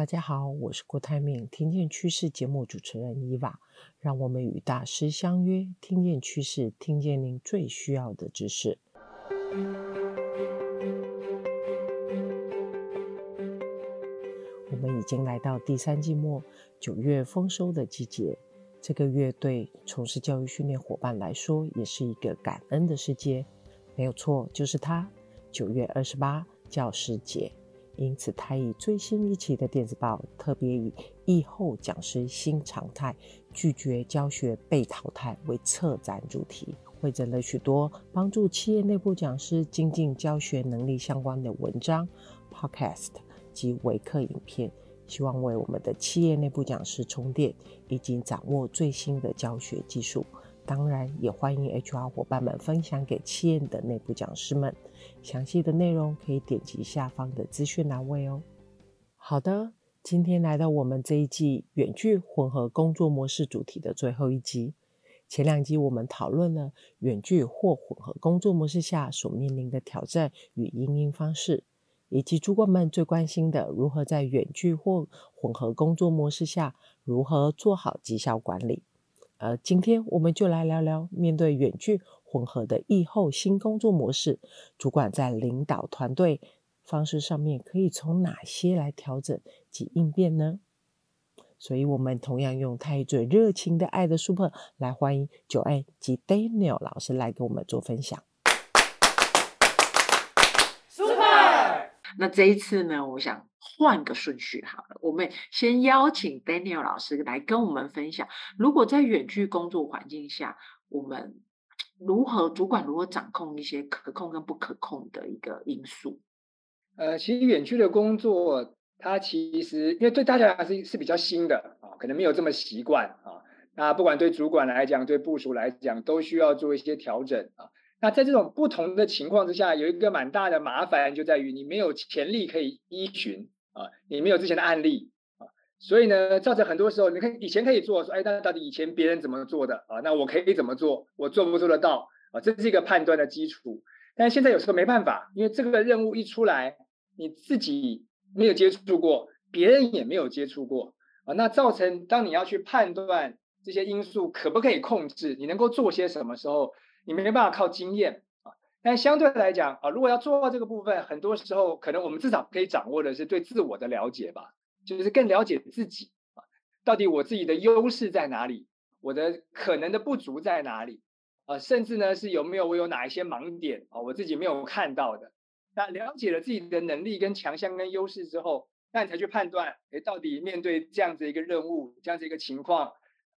大家好，我是郭泰銘，聽見趨勢節目主持人伊娃，讓我們與大師相約，聽見趨勢，聽見您最需要的知識。 我們已經來到第三季末，九月豐收的季節。這個月對從事教育訓練夥伴來說，也是一個感恩的時節。沒有錯，就是它，九月二十八教師節。因此，他以最新一期的電子報，特別以“疫後講師新常態，拒絕教學被淘汰”為策展主題，彙整了許多幫助企業內部講師精進教學能力相關的文章、Podcast 及微課影片，希望為我們的企業內部講師充電，以及掌握最新的教學技術。當然，也歡迎 HR 夥伴們分享給企業的內部講師們。詳細的內容可以點擊下方的資訊欄位哦。好的，今天來到我們這一季遠距混合工作模式主題的最後一集。前兩集我們討論了遠距或混合工作模式下所面臨的挑戰與因應方式，以及主管們最關心的如何在遠距或混合工作模式下如何做好績效管理。呃，今天我們就來聊聊，面對遠距混合的疫後新工作模式，主管在領導團隊方式上面可以從哪些來調整及應變呢？所以，我們同樣用他最熱情的愛的 Super 來歡迎 Joanne 及 Daniel 老師來給我們做分享。那這一次呢，我想換個順序好了。我們先邀請 Daniel 老師來跟我們分享，如果在遠距工作環境下，我們如何主管如何掌控一些可控跟不可控的一個因素。呃，其實遠距的工作，它其實因為對大家還是是比較新的啊，可能沒有這麼習慣啊。那不管對主管來講，對部署來講，都需要做一些調整啊。那在這種不同的情況之下，有一個蠻大的麻煩，就在於你沒有前例可以依循啊，你沒有之前的案例啊，所以呢，造成很多時候，你可以，以前可以做說，說哎，那到底以前別人怎麼做的啊？那我可以怎麼做？我做不做得到啊？這是一個判斷的基礎。但現在有時候沒辦法，因為這個任務一出來，你自己沒有接觸過，別人也沒有接觸過啊，那造成當你要去判斷這些因素可不可以控制，你能夠做些什麼時候？你沒辦法靠經驗啊，但相對來講啊，如果要做到這個部分，很多時候可能我們至少可以掌握的是對自我的了解吧，就是更了解自己啊，到底我自己的優勢在哪裡，我的可能的不足在哪裡啊，甚至呢是有沒有我有哪一些盲點啊，我自己沒有看到的。那了解了自己的能力跟強項跟優勢之後，那你才去判斷，誒，到底面對這樣子一個任務，這樣子一個情況，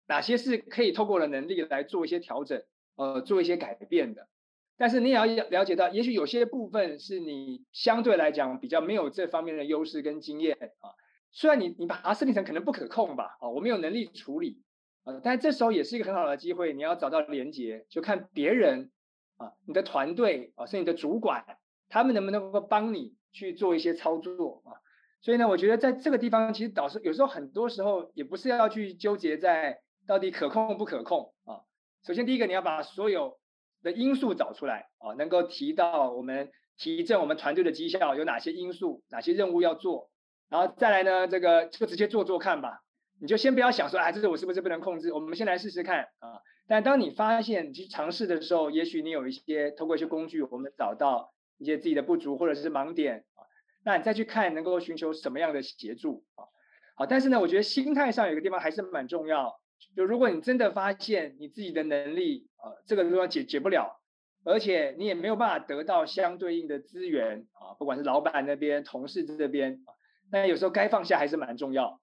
哪些是可以透過我的能力來做一些調整。呃，做一些改變的，但是你也要了解到，也許有些部分是你相對來講比較沒有這方面的優勢跟經驗啊。雖然你你把它設定成可能不可控吧，啊，我沒有能力處理啊，但是這時候也是一個很好的機會，你要找到連接，就看別人啊，你的團隊啊，是你的主管，他們能不能夠幫你去做一些操作啊。所以呢，我覺得在這個地方，其實導師有時候很多時候也不是要去糾結在到底可控不可控啊。首先，第一個你要把所有的因素找出來啊、哦，能夠提到我們提振我們團隊的績效有哪些因素，哪些任務要做，然後再來呢，這個就直接做做看吧。你就先不要想說，哎，這個我是不是不能控制？我們先來試試看啊。但當你發現你去嘗試的時候，也許你有一些通過一些工具，我們找到一些自己的不足或者是盲點啊。那你再去看能夠尋求什麼樣的協助啊？好，但是呢，我覺得心態上有一個地方還是蠻重要。就如果你真的發現你自己的能力啊，這個地方解解不了，而且你也沒有辦法得到相對應的資源啊，不管是老板那邊、同事這邊啊，當然有時候該放下還是蠻重要啊，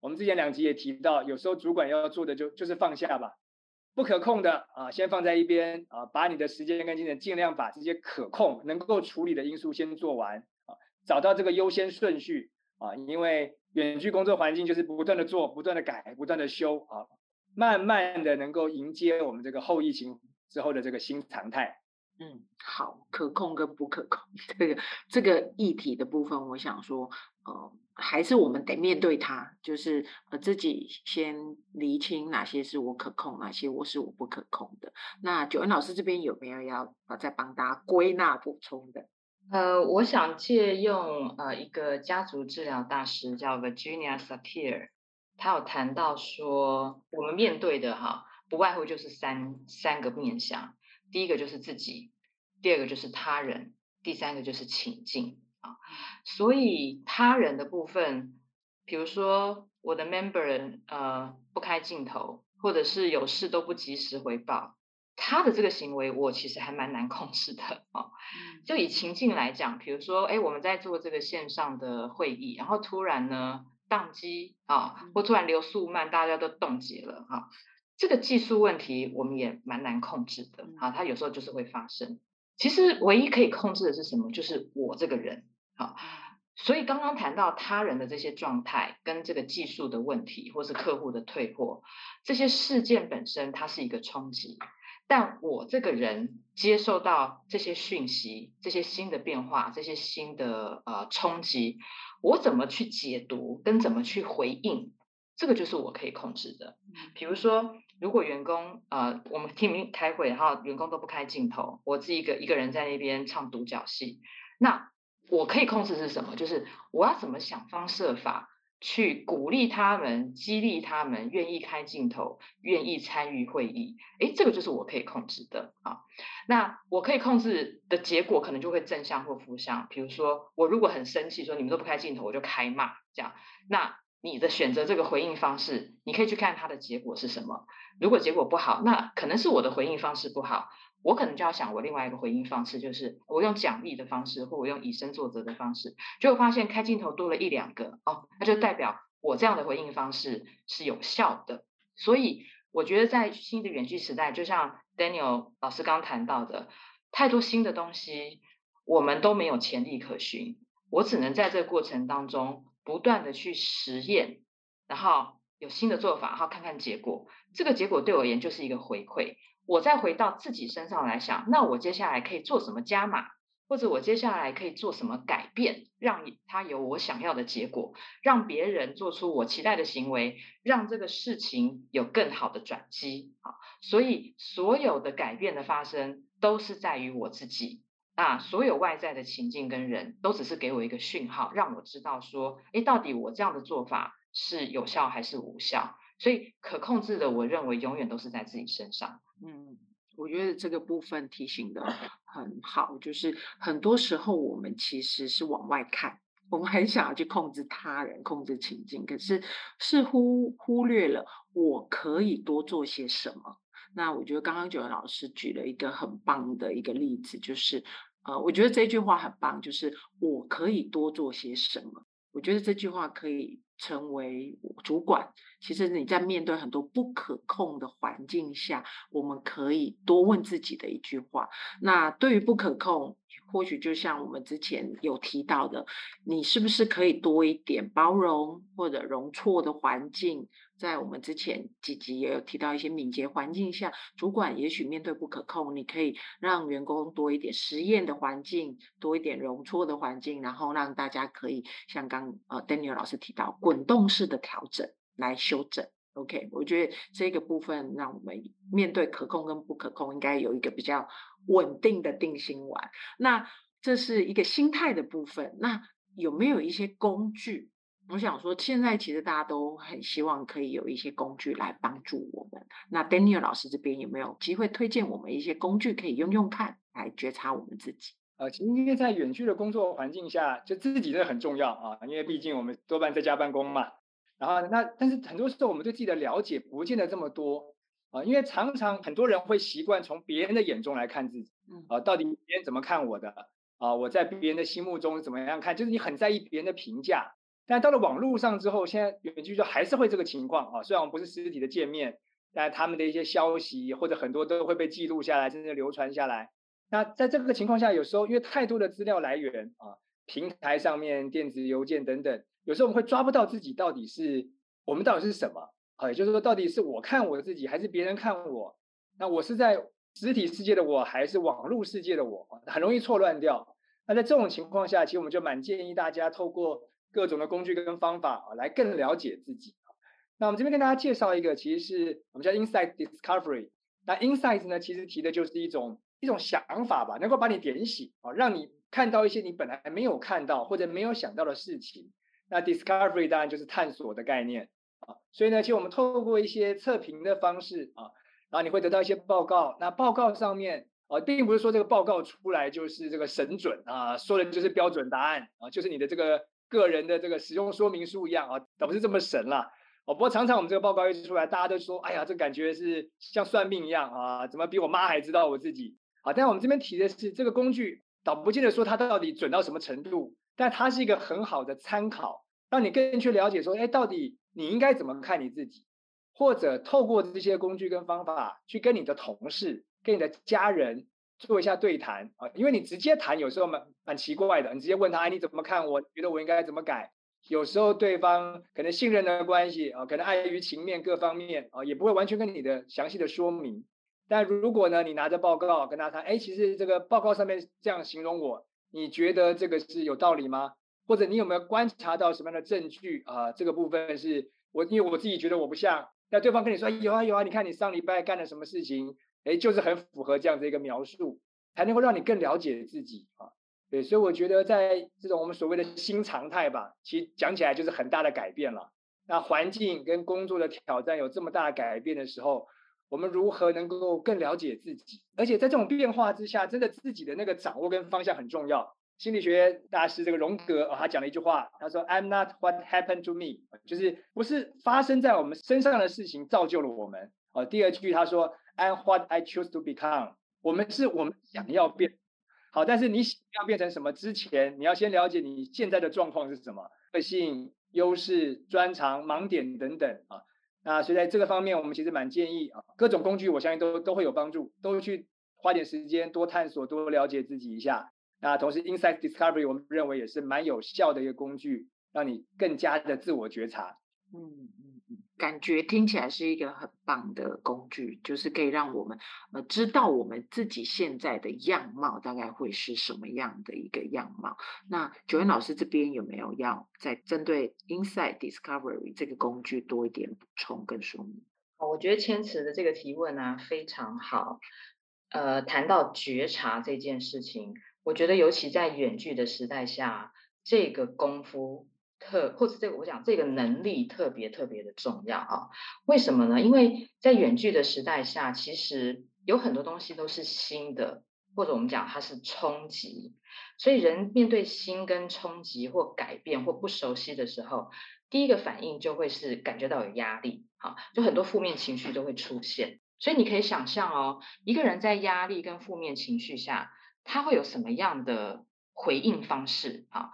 我們之前兩集也提到，有時候主管要做的就就是放下吧，不可控的啊，先放在一邊啊，把你的時間跟精力盡量把這些可控、能夠處理的因素先做完啊，找到這個優先順序啊，因為遠距工作環境就是不斷的做、不斷的改、不斷的修啊。慢慢的，能夠迎接我們這個後疫情之後的這個新常態。嗯，好，可控跟不可控，這個這個議題的部分，我想說，呃，還是我們得面對它，就是呃自己先釐清哪些是我可控，哪些我是我不可控的。那 Joanne 老師這邊有沒有要呃再幫大家歸納補充的？呃，我想借用呃一個家族治療大師叫 Virginia Satir。他有談到說，我們面對的哈，不外乎就是三三個面向，第一個就是自己，第二個就是他人，第三個就是情境啊。所以他人的部分，比如說我的 member 人呃不開鏡頭，或者是有事都不及時回報，他的這個行為我其實還蠻難控制的啊。就以情境來講，比如說哎、欸，我們在做這個線上的會議，然後突然呢。當機啊、哦，或突然流速慢，大家都凍結了哈、哦。這個技術問題我們也蠻難控制的啊、哦，它有時候就是會發生。其實唯一可以控制的是什麼？就是我這個人啊、哦。所以剛剛談到他人的這些狀態，跟這個技術的問題，或是客戶的退貨，這些事件本身，它是一個衝擊。但我這個人接受到這些訊息、這些新的變化、這些新的呃衝擊，我怎麼去解讀跟怎麼去回應，這個就是我可以控制的。比如說，如果員工呃我們聽明開會，然後員工都不開鏡頭，我自己一個一個人在那邊唱獨角戲，那我可以控制是什麼？就是我要怎麼想方設法。去鼓勵他們，激勵他們，願意開鏡頭，願意參與會議。誒，這個就是我可以控制的啊。那我可以控制的結果，可能就會正向或負向。比如說，我如果很生氣，說你們都不開鏡頭，我就開罵這樣。那你的選擇這個回應方式，你可以去看它的結果是什麼。如果結果不好，那可能是我的回應方式不好。我可能就要想，我另外一個回應方式就是，我用獎勵的方式，或我用以身作則的方式，結果發現開鏡頭多了一兩個哦，那就代表我這樣的回應方式是有效的。所以我覺得在新的遠距時代，就像 Daniel 老師剛談到的，太多新的東西，我們都沒有前例可循。我只能在這個過程當中不斷地去實驗，然後有新的做法，然後看看結果。這個結果對我而言就是一個回饋。我再回到自己身上來想，那我接下來可以做什麼加碼，或者我接下來可以做什麼改變，讓它有我想要的結果，讓別人做出我期待的行為，讓這個事情有更好的轉機啊！所以所有的改變的發生，都是在於我自己。那所有外在的情境跟人都只是給我一個訊號，讓我知道說，哎，到底我這樣的做法是有效還是無效？所以可控制的，我認為永遠都是在自己身上。嗯，我覺得這個部分提醒得很好，就是很多時候我們其實是往外看，我們很想要去控制他人、控制情境，可是似乎忽略了我可以多做些什麼。那我覺得剛剛 Joanne 老師舉了一個很棒的一個例子，就是呃，我覺得這句話很棒，就是我可以多做些什麼。我覺得這句話可以，成為主管，其實你在面對很多不可控的環境下，我們可以多問自己的一句話。那對於不可控，或許就像我們之前有提到的，你是不是可以多一點包容或者容錯的環境？在我們之前幾集也有提到一些敏捷環境下，主管也許面對不可控，你可以讓員工多一點實驗的環境，多一點容錯的環境，然後讓大家可以像剛呃 Daniel 老師提到，滾動式的調整來修整。OK，我覺得這個部分讓我們面對可控跟不可控，應該有一個比較穩定的定心丸。那這是一個心態的部分，那有沒有一些工具？我想說，現在其實大家都很希望可以有一些工具來幫助我們。那 Daniel 老師這邊有沒有機會推薦我們一些工具可以用用看，來覺察我們自己？呃，其實因為在遠距的工作環境下，就自己這很重要啊，因為畢竟我們多半在家辦公嘛。然後那但是很多時候我們對自己的了解不見得這麼多啊、呃，因為常常很多人會習慣從別人的眼中來看自己。啊、呃，到底別人怎麼看我的？啊、呃，我在別人的心目中怎麼樣看？就是你很在意別人的評價。但到了網絡上之後，現在遠距離還是會這個情況啊。雖然我們不是實體的見面，但他們的一些消息或者很多都會被記錄下來，甚至流傳下來。那在這個情況下，有時候因為太多的資料來源啊，平台上面、電子郵件等等，有時候我們會抓不到自己到底是我們到底是什麼啊。也就是說，到底是我看我自己，還是別人看我？那我是在實體世界的我，還是網絡世界的我？很容易錯亂掉。那在這種情況下，其實我們就蠻建議大家透過。各種的工具跟方法啊，來更了解自己。那我們這邊跟大家介紹一個，其實是我們叫 Insights Discovery。那 Insights 呢，其實提的就是一種一種想法吧，能夠把你點醒啊、哦，讓你看到一些你本來沒有看到或者沒有想到的事情。那 Discovery 當然就是探索的概念啊。所以呢，其實我們透過一些測評的方式啊，然後你會得到一些報告。那報告上面啊，並不是說這個報告出來就是這個神準啊，說的就是標準答案啊，就是你的這個。個人的這個使用說明書一樣啊，倒不是這麼神啦。哦，不過常常我們這個報告一出來，大家都說，哎呀，這感覺是像算命一樣啊，怎麼比我媽還知道我自己啊？但我們這邊提的是這個工具，倒不見得說它到底準到什麼程度，但它是一個很好的參考，讓你更去了解說，哎，到底你應該怎麼看你自己，或者透過這些工具跟方法，去跟你的同事、跟你的家人。做一下對談啊，因為你直接談有時候蠻蠻奇怪的。你直接問他，哎，你怎麼看我？我覺得我應該怎麼改？有時候對方可能信任的關係啊，可能礙於情面各方面啊，也不會完全跟你的詳細的說明。但如果呢，你拿着報告跟他談，哎，其實這個報告上面這樣形容我，你覺得這個是有道理嗎？或者你有沒有觀察到什麼樣的證據啊，呃，這個部分是我因為我自己覺得我不像，那對方跟你說有啊有啊，你看你上禮拜幹了什麼事情？誒，就是很符合這樣的一個描述，才能夠讓你更了解自己啊。對，所以我覺得在這種我們所謂的新常態吧，其實講起來就是很大的改變了。那環境跟工作的挑戰有這麼大的改變的時候，我們如何能夠更了解自己？而且在這種變化之下，真的自己的那個掌握跟方向很重要。心理學大師這個榮格，哦，他講了一句話，他說：“I'm not what happened to me，就是不是發生在我們身上的事情造就了我們。”呃，第二句他說，I'm what I choose to become。我們是我們想要變，好，但是你想要變成什麼之前，你要先了解你現在的狀況是什麼，個性、優勢、專長、盲點等等啊。那所以在這個方面，我們其實蠻建議啊，各種工具我相信都都會有幫助，都去花點時間多探索、多了解自己一下。那同時，Insights Discovery 我們認為也是蠻有效的一個工具，讓你更加的自我覺察。嗯。感覺聽起來是一個很棒的工具，就是可以讓我們呃知道我們自己現在的樣貌大概會是什麼樣的一個樣貌。那 Joanne 老師這邊有沒有要再針對 Insights Discovery 這個工具多一點補充跟說明？我覺得千慈的這個提問呢、啊、非常好。呃，談到覺察這件事情，我覺得尤其在遠距的時代下，這個功夫，特或者這個，我講這個能力特別特別的重要啊、哦！為什麼呢？因為在遠距的時代下，其實有很多東西都是新的，或者我們講它是衝擊。所以人面對新跟衝擊或改變或不熟悉的時候，第一個反應就會是感覺到有壓力，哈、啊，就很多負面情緒都會出現。所以你可以想象哦，一個人在壓力跟負面情緒下，他會有什麼樣的回應方式啊？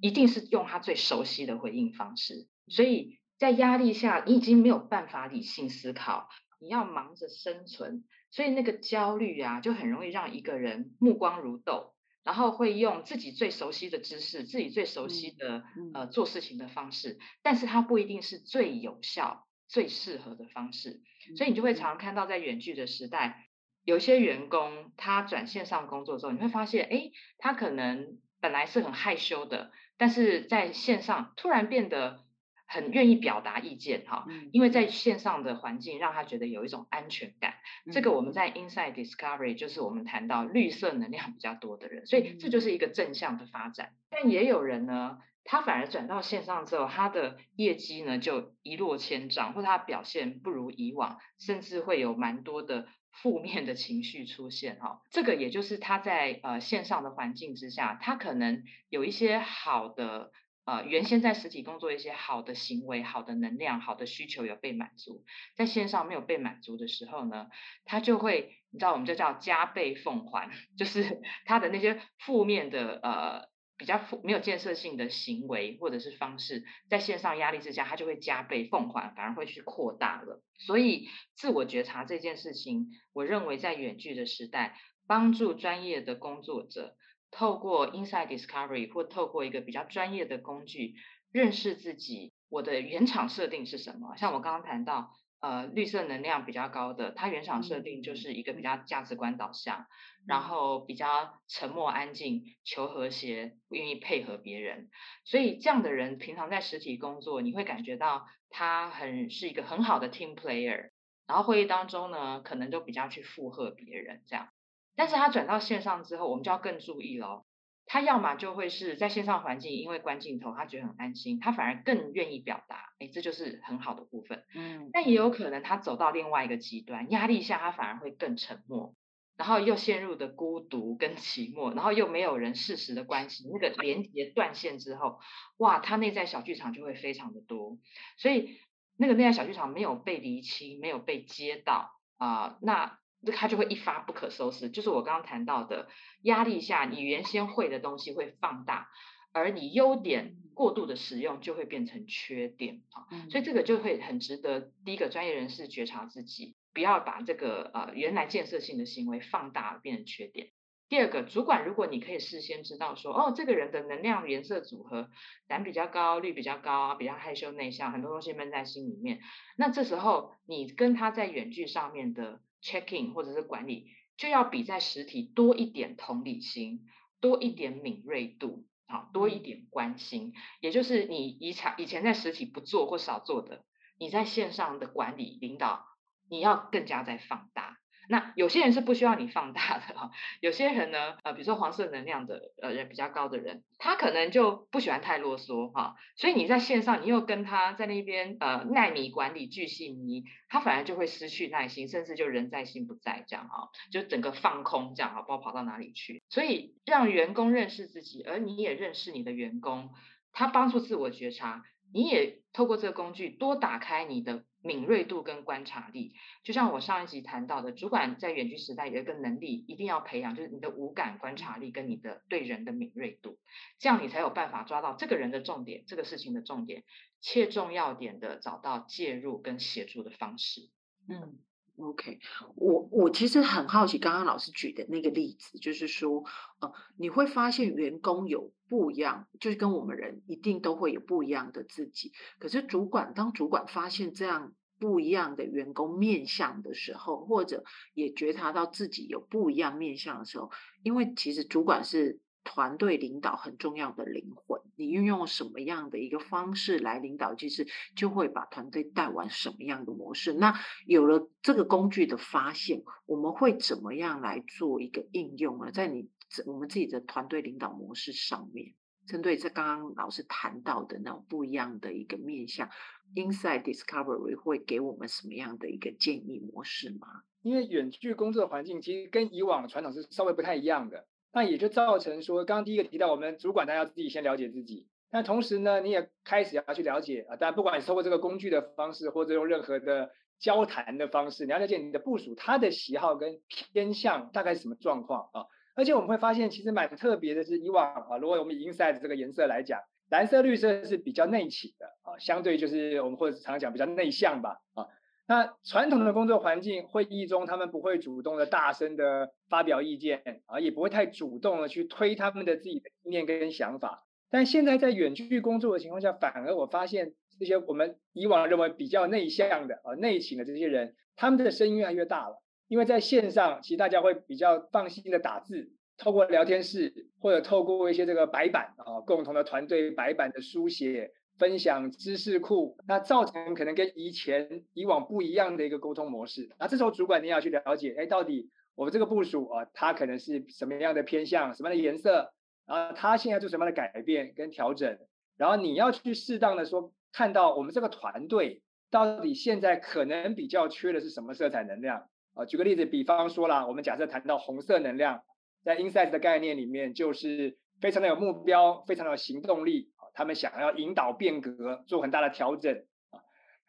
一定是用他最熟悉的回應方式，所以在壓力下，你已經沒有辦法理性思考，你要忙着生存，所以那個焦慮啊，就很容易讓一個人目光如豆，然後會用自己最熟悉的知識，自己最熟悉的、嗯、呃做事情的方式，但是它不一定是最有效、最適合的方式，所以你就會常常看到，在遠距的時代，有一些員工他轉線上工作之後，你會發現，哎，他可能。本來是很害羞的，但是在線上突然變得很願意表達意見哈，因為在線上的環境讓他覺得有一種安全感。這個我們在 Insights Discovery 就是我們談到綠色能量比較多的人，所以這就是一個正向的發展。但也有人呢，他反而轉到線上之後，他的業績呢就一落千丈，或他表現不如以往，甚至會有蠻多的。負面的情緒出現哦，哈，這個也就是他在呃線上的環境之下，他可能有一些好的呃原先在實體工作一些好的行為、好的能量、好的需求有被滿足，在線上沒有被滿足的時候呢，他就會你知道，我們就叫加倍奉還，就是他的那些負面的呃。比較沒有建設性的行為或者是方式，在線上壓力之下，它就會加倍奉還，反而會去擴大了。所以，自我覺察這件事情，我認為在遠距的時代，幫助專業的工作者透過 Insights Discovery 或透過一個比較專業的工具，認識自己，我的原廠設定是什麼。像我剛剛談到。呃，綠色能量比較高的，他原廠設定就是一個比較價值觀導向，嗯、然後比較沉默安靜，求和諧，不願意配合別人。所以這樣的人平常在實體工作，你會感覺到他很是一個很好的 team player。然後會議當中呢，可能都比較去附和別人這樣。但是他轉到線上之後，我們就要更注意咯。他要麼就會是在線上環境，因為關鏡頭，他覺得很安心，他反而更願意表達，哎、欸，這就是很好的部分。嗯，但也有可能他走到另外一個極端，壓力下他反而會更沉默，然後又陷入的孤獨跟寂寞，然後又沒有人適時的關係，那個連接斷線之後，哇，他內在小劇場就會非常的多，所以那個內在小劇場沒有被釐清，沒有被接到啊、呃，那。這他就會一發不可收拾，就是我剛剛談到的壓力下，你原先會的東西會放大，而你優點過度的使用就會變成缺點啊。嗯、所以這個就會很值得第一個專業人士覺察自己，不要把這個呃原來建設性的行為放大變成缺點。第二個主管，如果你可以事先知道說，哦，這個人的能量顏色組合藍比較高，綠比較高，比較害羞內向，很多東西悶在心裡面，那這時候你跟他在遠距上面的。checking 或者是管理，就要比在實體多一點同理心，多一點敏銳度，啊，多一點關心，也就是你以前以前在實體不做或少做的，你在線上的管理領導，你要更加在放大。那有些人是不需要你放大的、哦，有些人呢，呃，比如說黃色能量的，呃，人比較高的人，他可能就不喜歡太囉嗦哈、哦，所以你在線上，你又跟他在那邊，呃，奈米管理，鉅細靡遺，他反而就會失去耐心，甚至就人在心不在這樣哈、哦，就整個放空這樣哈、哦，不知道跑到哪裡去。所以讓員工認識自己，而你也認識你的員工，他幫助自我覺察，你也透過這個工具多打開你的。敏銳度跟觀察力，就像我上一集談到的，主管在遠距時代有一個能力一定要培養，就是你的五感觀察力跟你的對人的敏銳度，這樣你才有辦法抓到這個人的重點、這個事情的重點，切中要點的找到介入跟協助的方式。嗯，OK，我我其實很好奇，剛剛老師舉的那個例子，就是說，呃，你會發現員工有。不一樣，就是跟我們人一定都會有不一樣的自己。可是主管當主管發現這樣不一樣的員工面向的時候，或者也覺察到自己有不一樣面向的時候，因為其實主管是團隊領導很重要的靈魂。你運用什麼樣的一個方式來領導，其實就會把團隊帶往什麼樣的模式。那有了這個工具的發現，我們會怎麼樣來做一個應用呢？在你。我們自己的團隊領導模式上面，針對在剛剛老師談到的那種不一樣的一個面向，Insights Discovery 會給我們什麼樣的一個建議模式嗎？因為遠距工作的環境其實跟以往傳統是稍微不太一樣的，那也就造成說，剛剛第一個提到我們主管，大家自己先了解自己，但同時呢，你也開始要去了解啊，但不管是透過這個工具的方式，或者用任何的交談的方式，你要了解你的部屬，他的喜好跟偏向大概是什麼狀況啊。而且我們會發現，其實蠻特別的是，以往啊，如果我們以 Insights 這個顏色來講，藍色、綠色是比較內傾的啊，相對就是我們或者常常講比較內向吧啊。那傳統的工作環境、會議中，他們不會主動的、大聲的發表意見啊，也不會太主動的去推他們的自己的意見跟想法。但現在在遠距工作的情況下，反而我發現這些我們以往認為比較內向的、啊內傾的這些人，他們的聲音越來越大了。因為在線上，其實大家會比較放心的打字，透過聊天室或者透過一些這個白板啊，共同的團隊白板的書寫、分享知識庫，那造成可能跟以前以往不一樣的一個溝通模式。那、啊、這時候主管你要去了解，哎，到底我們這個部屬啊，它可能是什麼樣的偏向、什麼樣的顏色，然後它現在做什麼樣的改變跟調整，然後你要去適當的說，看到我們這個團隊到底現在可能比較缺的是什麼色彩能量。啊，舉個例子，比方說啦，我們假設談到紅色能量，在 Insights 的概念裡面，就是非常的有目標，非常的有行動力。啊，他們想要引導變革，做很大的調整。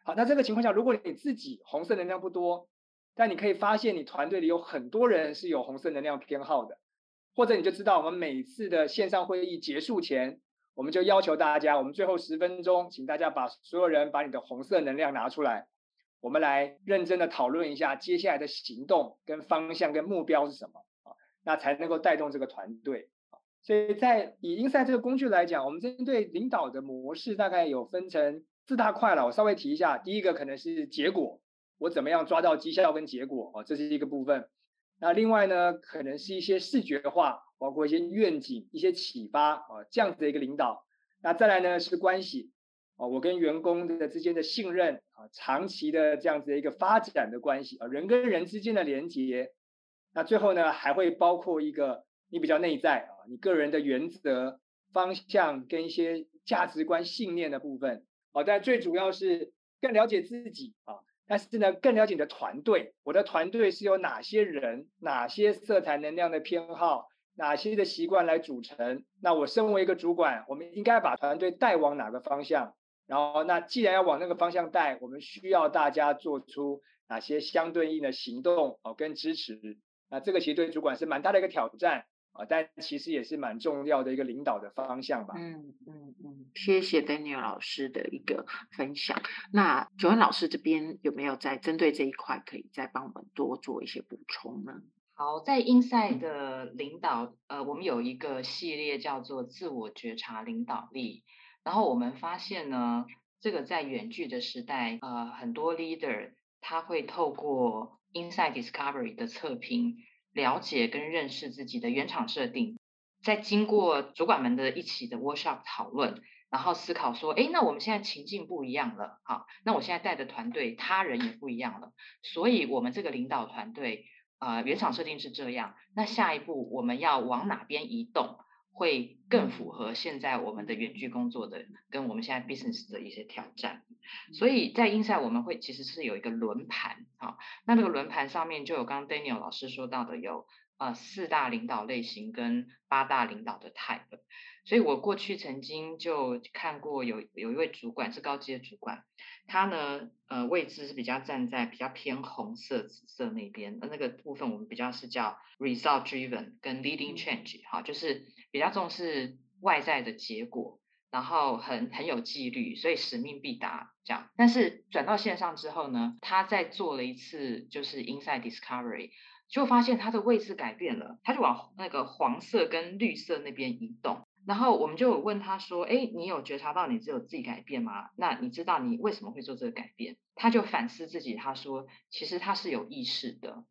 好，那這個情況下，如果你自己紅色能量不多，但你可以發現你團隊裡有很多人是有紅色能量偏好的，或者你就知道我們每次的線上會議結束前，我們就要求大家，我們最後十分鐘，請大家把所有人把你的紅色能量拿出來。我們來認真的討論一下接下來的行動跟方向跟目標是什麼啊，那才能夠帶動這個團隊。所以在以 Insights 這個工具來講，我們針對領導的模式大概有分成四大塊了，我稍微提一下。第一個可能是結果，我怎麼樣抓到績效跟結果啊，這是一個部分。那另外呢，可能是一些視覺化，包括一些願景、一些啟發啊，這樣子的一個領導。那再來呢是關係。我跟員工的之間的信任啊，長期的這樣子的一個發展的關係啊，人跟人之間的連結，那最後呢還會包括一個你比較內在啊，你個人的原則方向跟一些價值觀信念的部分啊，但最主要是更了解自己啊，但是呢更了解你的團隊，我的團隊是由哪些人、哪些色彩能量的偏好、哪些的習慣來組成，那我身為一個主管，我們應該把團隊帶往哪個方向？然後，那既然要往那個方向帶，我們需要大家做出哪些相對應的行動哦，跟支持。那這個其實對主管是蠻大的一個挑戰啊，但其實也是蠻重要的一個領導的方向吧。嗯嗯嗯，嗯嗯謝謝 Daniel 老師的一個分享。嗯、那 Joanne 老師這邊有沒有在針對這一塊可以再幫我們多做一些補充呢？好，在 Insights 的領導，嗯、呃，我們有一個系列叫做“自我覺察領導力”。然後我們發現呢，這個在遠距的時代，呃，很多 leader 他會透過 Insights Discovery 的測評，了解跟認識自己的原廠設定，再經過主管們的一起的 workshop 討論，然後思考說，誒，那我們現在情境不一樣了，好，那我現在帶的團隊他人也不一樣了，所以我們這個領導團隊，呃，原廠設定是這樣，那下一步我們要往哪邊移動？會更符合現在我們的遠距工作的跟我們現在 business 的一些挑戰，所以在 Insights 我們會其實是有一個輪盤，好，那這個輪盤上面就有剛剛 Daniel 老師說到的有呃四大領導類型跟八大領導的 type，所以我過去曾經就看過有有一位主管是高級的主管，他呢呃位置是比較站在比較偏紅色紫色那邊，那個部分我們比較是叫 result driven 跟 leading change 好，就是。比較重視外在的結果，然後很很有紀律，所以使命必達這樣。但是轉到線上之後呢，他在做了一次就是 Insights Discovery，就發現他的位置改變了，他就往那個黃色跟綠色那邊移動。然後我們就問他說：“哎、欸，你有覺察到你只有自己改變嗎？那你知道你為什麼會做這個改變？”他就反思自己，他說：“其實他是有意識的。”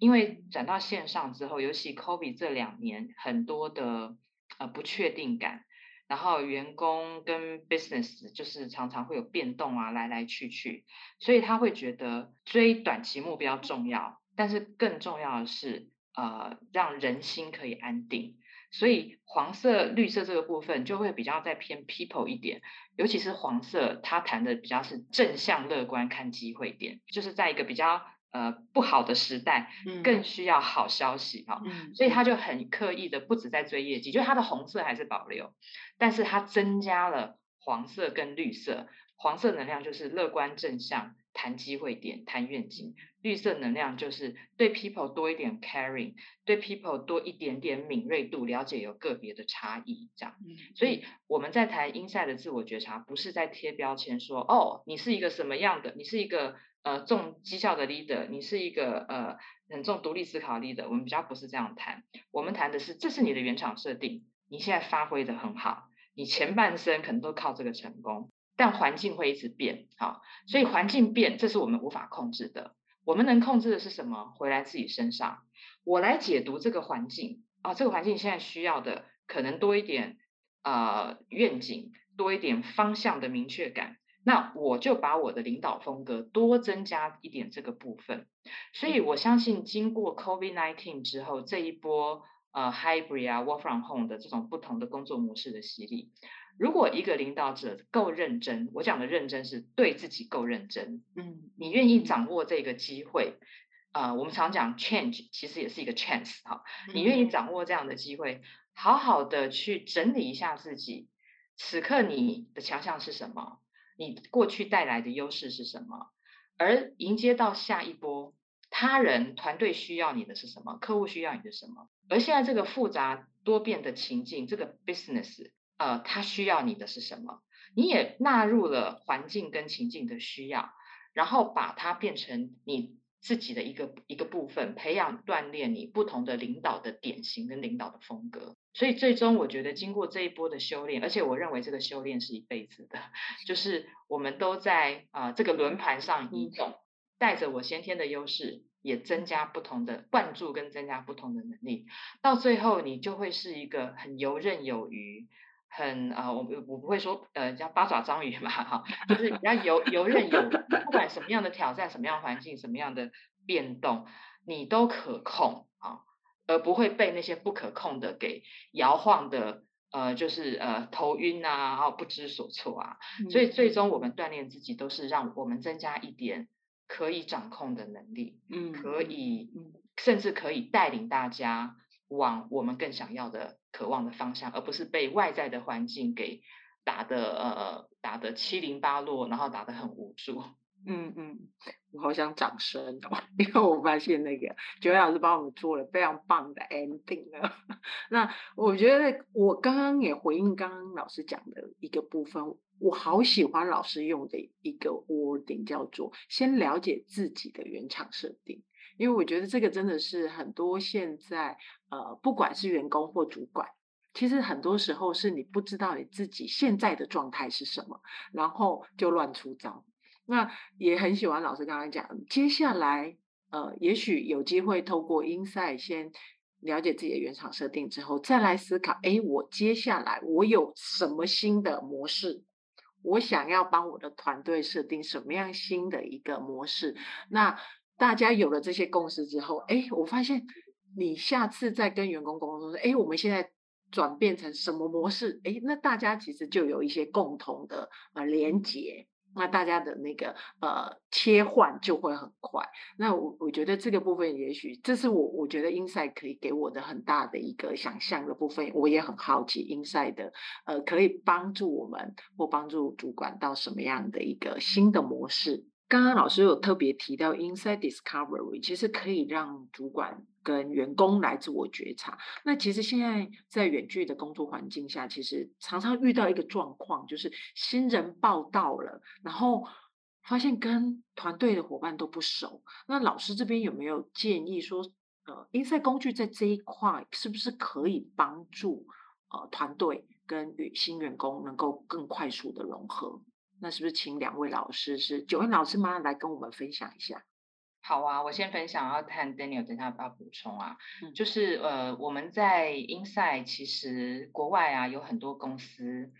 因為轉到線上之後，尤其 COVID 這兩年很多的呃不確定感，然後員工跟 business 就是常常會有變動啊，來來去去，所以他會覺得追短期目標重要，但是更重要的是呃讓人心可以安定，所以黃色綠色這個部分就會比較在偏 people 一點，尤其是黃色，他談的比較是正向樂觀看機會點，就是在一個比較。呃，不好的時代，更需要好消息哈，哦，嗯，所以他就很刻意的，不只在追業績，就他的紅色還是保留，但是它增加了黃色跟綠色，黃色能量就是樂觀正向，談機會點，談願景。綠色能量就是對 people 多一點 caring，對 people 多一點點敏銳度，了解有個別的差異這樣。所以我們在談 inside 的自我覺察，不是在貼標籤說哦，你是一個什麼樣的，你是一個呃重績效的 leader，你是一個呃很重獨立思考的 leader 我們比較不是這樣談，我們談的是這是你的原廠設定，你現在發揮的很好，你前半生可能都靠這個成功，但環境會一直變，好，所以環境變這是我們無法控制的。我們能控制的是什麼？回來自己身上，我來解讀這個環境啊。這個環境現在需要的可能多一點，啊、呃，願景多一點方向的明確感。那我就把我的領導風格多增加一點這個部分。所以我相信，經過 COVID nineteen 之後，這一波呃 hybrid 啊，work from home 的這種不同的工作模式的洗禮。如果一個領導者夠認真，我講的認真是對自己夠認真，嗯，你願意掌握這個機會，啊、呃，我們常講 change，其實也是一個 chance 哈、啊，你願意掌握這樣的機會，好好的去整理一下自己，此刻你的強項是什麼？你過去帶來的優勢是什麼？而迎接到下一波他人團隊需要你的是什麼？客戶需要你的是什麼？而現在這個複雜多變的情境，這個 business。呃，他需要你的是什麼？你也納入了環境跟情境的需要，然後把它變成你自己的一個一個部分，培養鍛鍊你不同的領導的典型跟領導的風格。所以最終我覺得經過這一波的修煉，而且我認為這個修煉是一輩子的，就是我們都在啊、呃、這個輪盤上移動，帶着我先天的優勢，也增加不同的灌注跟增加不同的能力，到最後你就會是一個很游刃有餘。很啊、呃，我我不會說呃，叫八爪章魚嘛哈、啊，就是你要遊遊刃有餘，不管什麼樣的挑戰、什麼樣環境、什麼樣的變動，你都可控啊，而不會被那些不可控的給搖晃的，呃，就是呃頭暈啊，哦不知所措啊。嗯、所以最終我們鍛鍊自己，都是讓我們增加一點可以掌控的能力，嗯，可以、嗯、甚至可以帶領大家。往我們更想要的、渴望的方向，而不是被外在的環境給打的呃打的七零八落，然後打得很無助。嗯嗯，我好想掌聲哦，因為我發現那個 Joanne 老師幫我們做了非常棒的 ending 了。那我覺得我剛剛也回應剛剛老師講的一個部分，我好喜歡老師用的一個 wording 叫做“先了解自己的原廠設定”。因為我覺得這個真的是很多現在，呃，不管是員工或主管，其實很多時候是你不知道你自己現在的狀態是什麼，然後就亂出招。那也很喜歡老師剛剛講，接下來，呃，也許有機會透過 Insights 先了解自己的原廠設定之後，再來思考，哎，我接下來我有什麼新的模式，我想要幫我的團隊設定什麼樣新的一個模式，那。大家有了這些共識之後，哎，我發現你下次再跟員工溝通說，哎，我們現在轉變成什麼模式？哎，那大家其實就有一些共同的呃連接，那大家的那個呃切換就會很快。那我我覺得這個部分，也許這是我我覺得 Insights 可以給我的很大的一個想象的部分，我也很好奇 Insights 的呃可以幫助我們或幫助主管到什麼樣的一個新的模式。剛剛老師有特別提到，Insights Discovery 其實可以讓主管跟員工來自我覺察。那其實現在在遠距的工作環境下，其實常常遇到一個狀況，就是新人報到了，然後發現跟團隊的夥伴都不熟。那老師這邊有沒有建議說，呃，Insights 工具在這一塊是不是可以幫助呃團隊跟與新員工能夠更快速的融合？那是不是請兩位老師是 Joanne 老師嗎？來跟我們分享一下。好啊，我先分享。要看 Daniel，等一下要不要補充啊？嗯、就是呃，我們在 Insight 其實國外啊有很多公司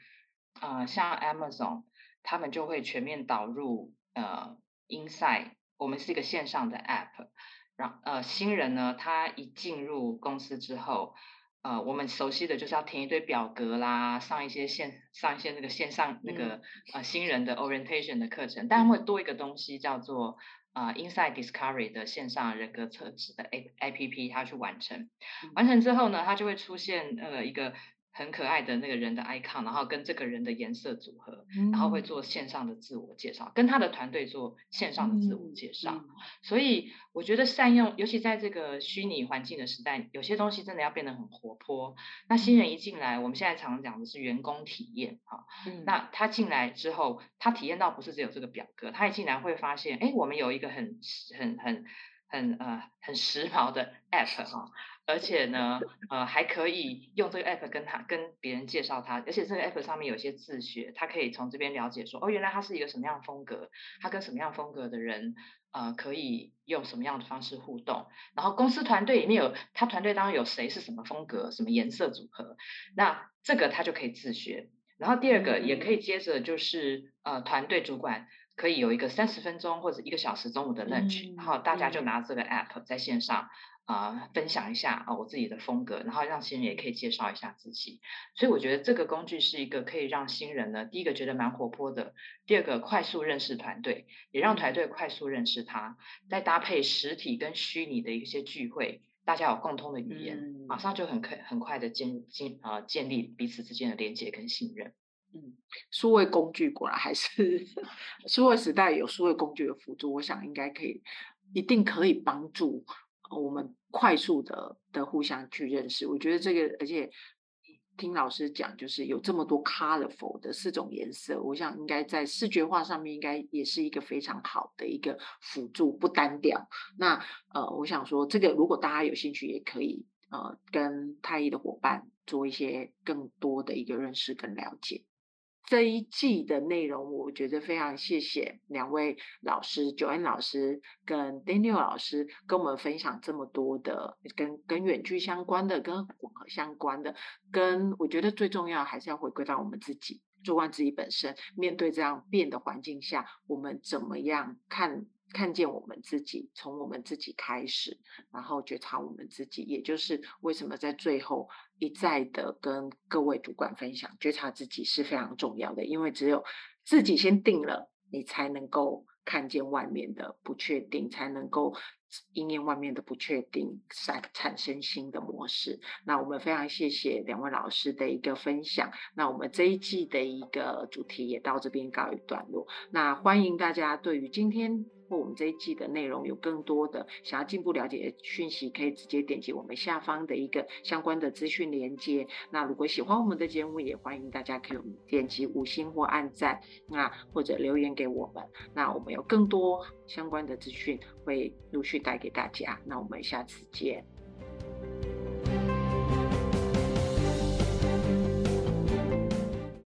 啊、呃，像 Amazon，他們就會全面導入呃 Insight。Inside, 我們是一個線上的 App，讓呃新人呢，他一進入公司之後。呃，我們熟悉的就是要填一堆表格啦，上一些線，上一些那個線上那個、嗯、呃新人的 orientation 的課程，但會多一個東西叫做啊、呃、Insights Discovery 的線上人格測試的 A A P P，它去完成，完成之後呢，它就會出現呃一個。很可愛的那個人的 icon，然後跟這個人的顏色組合，然後會做線上的自我介紹，嗯、跟他的團隊做線上的自我介紹。嗯、所以我覺得善用，尤其在這個虛擬環境的時代，有些東西真的要變得很活潑。那新人一進來，我們現在常講的是員工體驗哈。嗯、那他進來之後，他體驗到不是只有這個表格，他一進來會發現，哎、欸，我們有一個很很很很呃很時髦的 app 哈、嗯。嗯而且呢，呃，還可以用這個 app 跟他跟別人介紹他，而且這個 app 上面有些自學，他可以從這邊了解說，哦，原來他是一個什麼樣的風格，他跟什麼樣風格的人，呃，可以用什麼樣的方式互動。然後公司團隊裡面有，他團隊當中有誰是什麼風格，什麼顏色組合，那這個他就可以自學。然後第二個也可以接着就是呃，團隊主管。可以有一個三十分鐘或者一個小時中午的 lunch，、嗯、然後大家就拿這個 app 在線上啊、嗯呃、分享一下啊、哦、我自己的風格，然後讓新人也可以介紹一下自己。所以我覺得這個工具是一個可以讓新人呢，第一個覺得蠻活潑的，第二個快速認識團隊，也讓團隊快速認識他。嗯、再搭配實體跟虛擬的一些聚會，大家有共通的語言，馬上就很快很快的建建啊建立彼此之間的連接跟信任。嗯，數位工具果然還是數位時代有數位工具的輔助，我想應該可以，一定可以幫助我們快速的的互相去認識。我覺得這個，而且聽老師講，就是有這麼多 colorful 的四種顏色，我想應該在視覺化上面應該也是一個非常好的一個輔助，不單調。那呃，我想說，這個如果大家有興趣，也可以呃跟太毅的夥伴做一些更多的一個認識跟了解。這一季的內容，我覺得非常謝謝兩位老師，Joanne 老師跟 Daniel 老師跟我們分享這麼多的跟跟遠距相關的、跟混合相關的，跟我覺得最重要還是要回歸到我們自己，做完自己本身，面對這樣變的環境下，我們怎麼樣看？看見我們自己，從我們自己開始，然後覺察我們自己，也就是為什麼在最後一再地跟各位主管分享，覺察自己是非常重要的，因為只有自己先定了，你才能夠看見外面的不確定，才能夠因應外面的不確定產產生新的模式。那我們非常謝謝兩位老師的一個分享，那我們這一季的一個主題也到這邊告一段落。那歡迎大家對於今天，或我們這一季的內容有更多的想要進一步了解的訊息，可以直接點擊我們下方的一個相關的資訊連接。那如果喜歡我們的節目，也歡迎大家可以點擊五星或按贊，那或者留言給我們。那我們有更多相關的資訊會陸續帶給大家。那我們下次見。